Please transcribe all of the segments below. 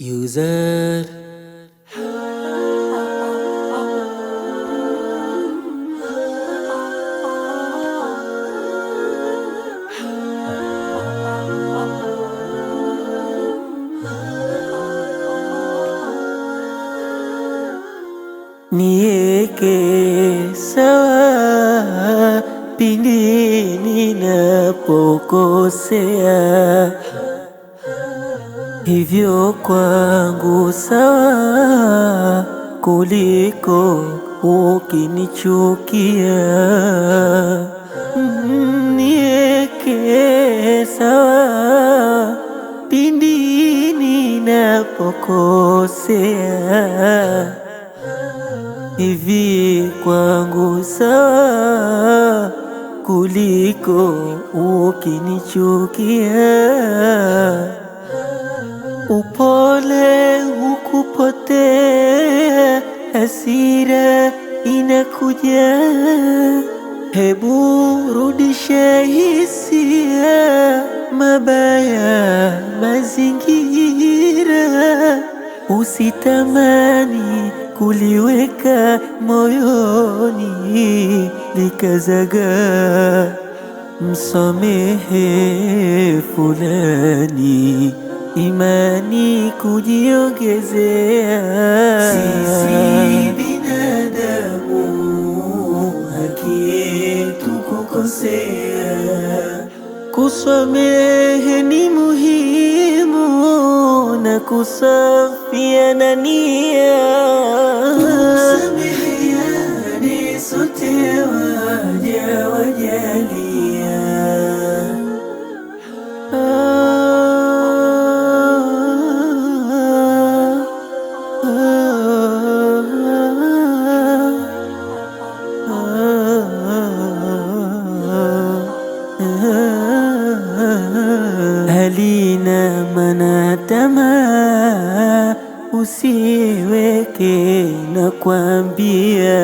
User Nieke sawa pindi ninapokosea hivyo kwangu sawa kuliko ukinichukia. Mm-hmm, nieke sawa pindi ninapokosea. Hivi kwangu sawa kuliko ukinichukia. Upole hukupotea hasira inakuja. Hebu rudishe hisia, mabaya mazingira, usitamani kuliweka moyoni likazaga. Msamehe fulani imani kujiongezea. Sisi binadamu haki yetu kukosea, kusamehe ni muhimu na kusafia na nia usiweke na kuambia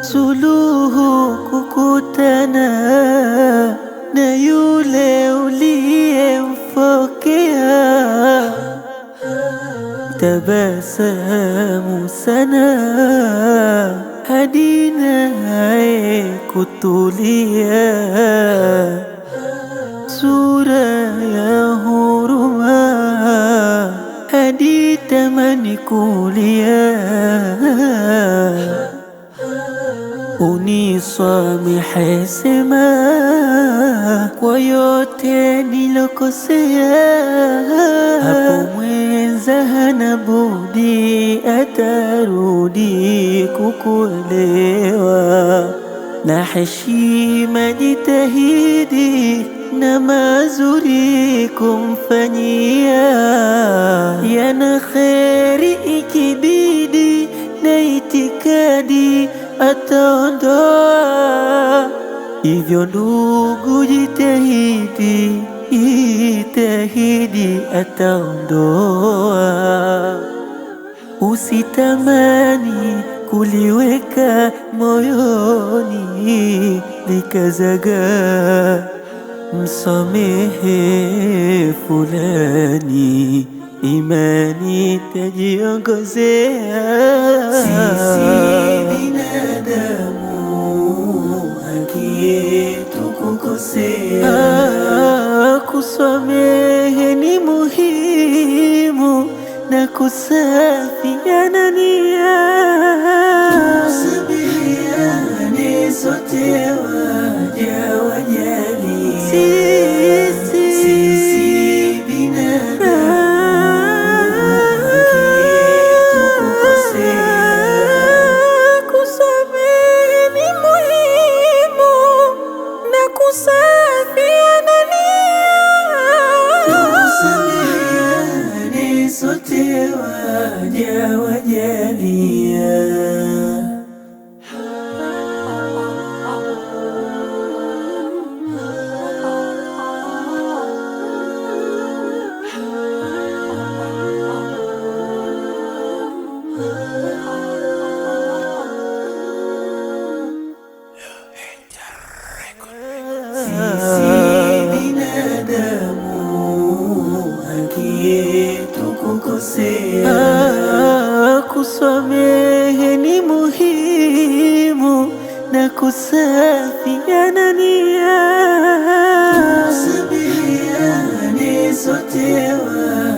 suluhu kukutana na yule uliyemfokea tabasamu sana hadi naye kutulia الكولياء أني صامي حاسما ويعتاني لقصيا أبو من زهن بودي أتاروني كوكوليوا نحشي مدي تهيدي إنما زريكم فنيا يا نخير إكبيدي نaitikadi ataondoa hivyo ndugu jitahidi jitahidi ataondoa usitamani kuliweka moyoni likazagaa msamehe fulani, imani tajiongozea. Sisi binadamu haki yetu kukosea, kusamehe ni muhimu na kusafi tusameheane sote sisi binadamu Kusamehe ni muhimu na kusafiana nia, tusameheane sote wa